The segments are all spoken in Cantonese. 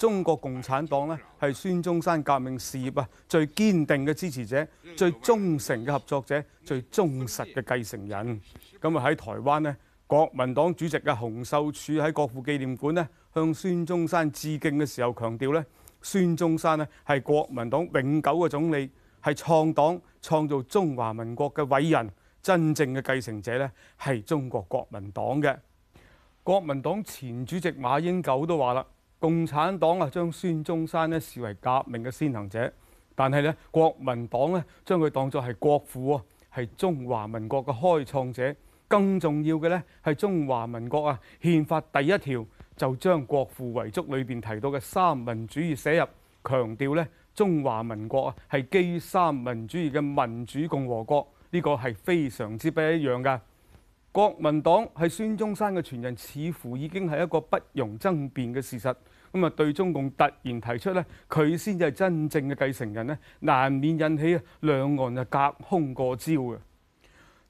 中國共產黨咧係孫中山革命事業啊最堅定嘅支持者、最忠誠嘅合作者、最忠實嘅繼承人。咁啊喺台灣咧，國民黨主席嘅洪秀柱喺國父紀念館咧向孫中山致敬嘅時候強調呢，孫中山咧係國民黨永久嘅總理，係創黨創造中華民國嘅偉人，真正嘅繼承者咧係中國國民黨嘅。國民黨前主席馬英九都話啦。共產黨啊，將孫中山咧視為革命嘅先行者，但係咧國民黨咧將佢當作係國父喎，係中華民國嘅開創者。更重要嘅咧係中華民國啊，憲法第一條就將國父遺囑裏邊提到嘅三民主義寫入，強調咧中華民國啊係基於三民主義嘅民主共和國，呢個係非常之不一樣㗎。國民黨係孫中山嘅傳人，似乎已經係一個不容爭辯嘅事實。咁啊，對中共突然提出，呢佢先至係真正嘅繼承人，呢難免引起啊兩岸就隔空過招嘅。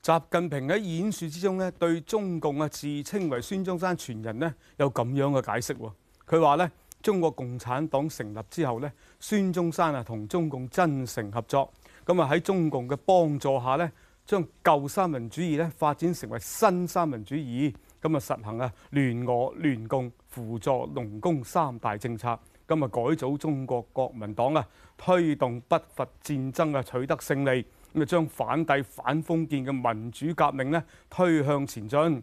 習近平喺演説之中，呢對中共啊自稱為孫中山傳人，呢有咁樣嘅解釋。佢話，呢中國共產黨成立之後，呢孫中山啊同中共真誠合作，咁啊喺中共嘅幫助下呢。將舊三民主義咧發展成為新三民主義，咁啊實行啊聯俄聯共扶助農工三大政策，咁啊改組中國國民黨啊，推動北伐戰爭啊取得勝利，咁啊將反帝反封建嘅民主革命咧推向前進。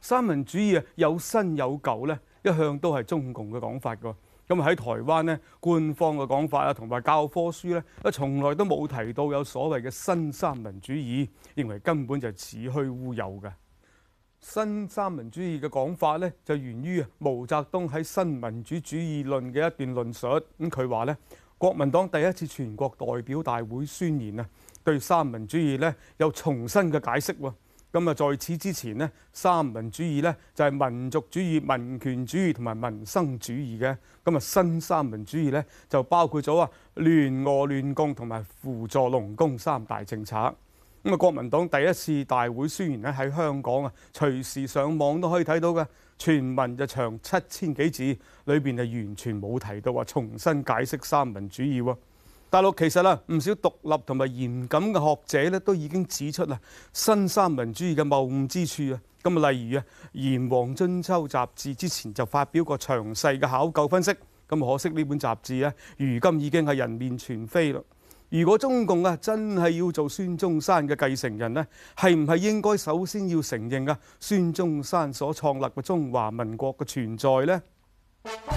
三民主義啊有新有舊咧，一向都係中共嘅講法㗎。咁喺台灣呢，官方嘅講法啊，同埋教科書呢，啊從來都冇提到有所謂嘅新三民主義，認為根本就係子虛烏有嘅新三民主義嘅講法呢，就源於啊毛澤東喺《新民主主義論》嘅一段論述。咁佢話呢，國民黨第一次全國代表大會宣言啊，對三民主義呢，有重新嘅解釋喎。咁啊，在此之前呢，三民主義呢，就係、是、民族主義、民權主義同埋民生主義嘅。咁啊，新三民主義呢，就包括咗啊，聯俄聯共同埋輔助農工三大政策。咁啊，國民黨第一次大會雖然咧喺香港啊，隨時上網都可以睇到嘅，全文就長七千幾字，裏邊就完全冇提到話重新解釋三民主義喎。大陸其實啊，唔少獨立同埋嚴謹嘅學者咧，都已經指出啊，新三民主義嘅謬誤之處啊。咁啊，例如啊，《炎黃春秋》雜誌之前就發表過詳細嘅考究分析。咁可惜呢本雜誌咧，如今已經係人面全非咯。如果中共啊真係要做孫中山嘅繼承人咧，係唔係應該首先要承認啊孫中山所創立嘅中華民國嘅存在呢？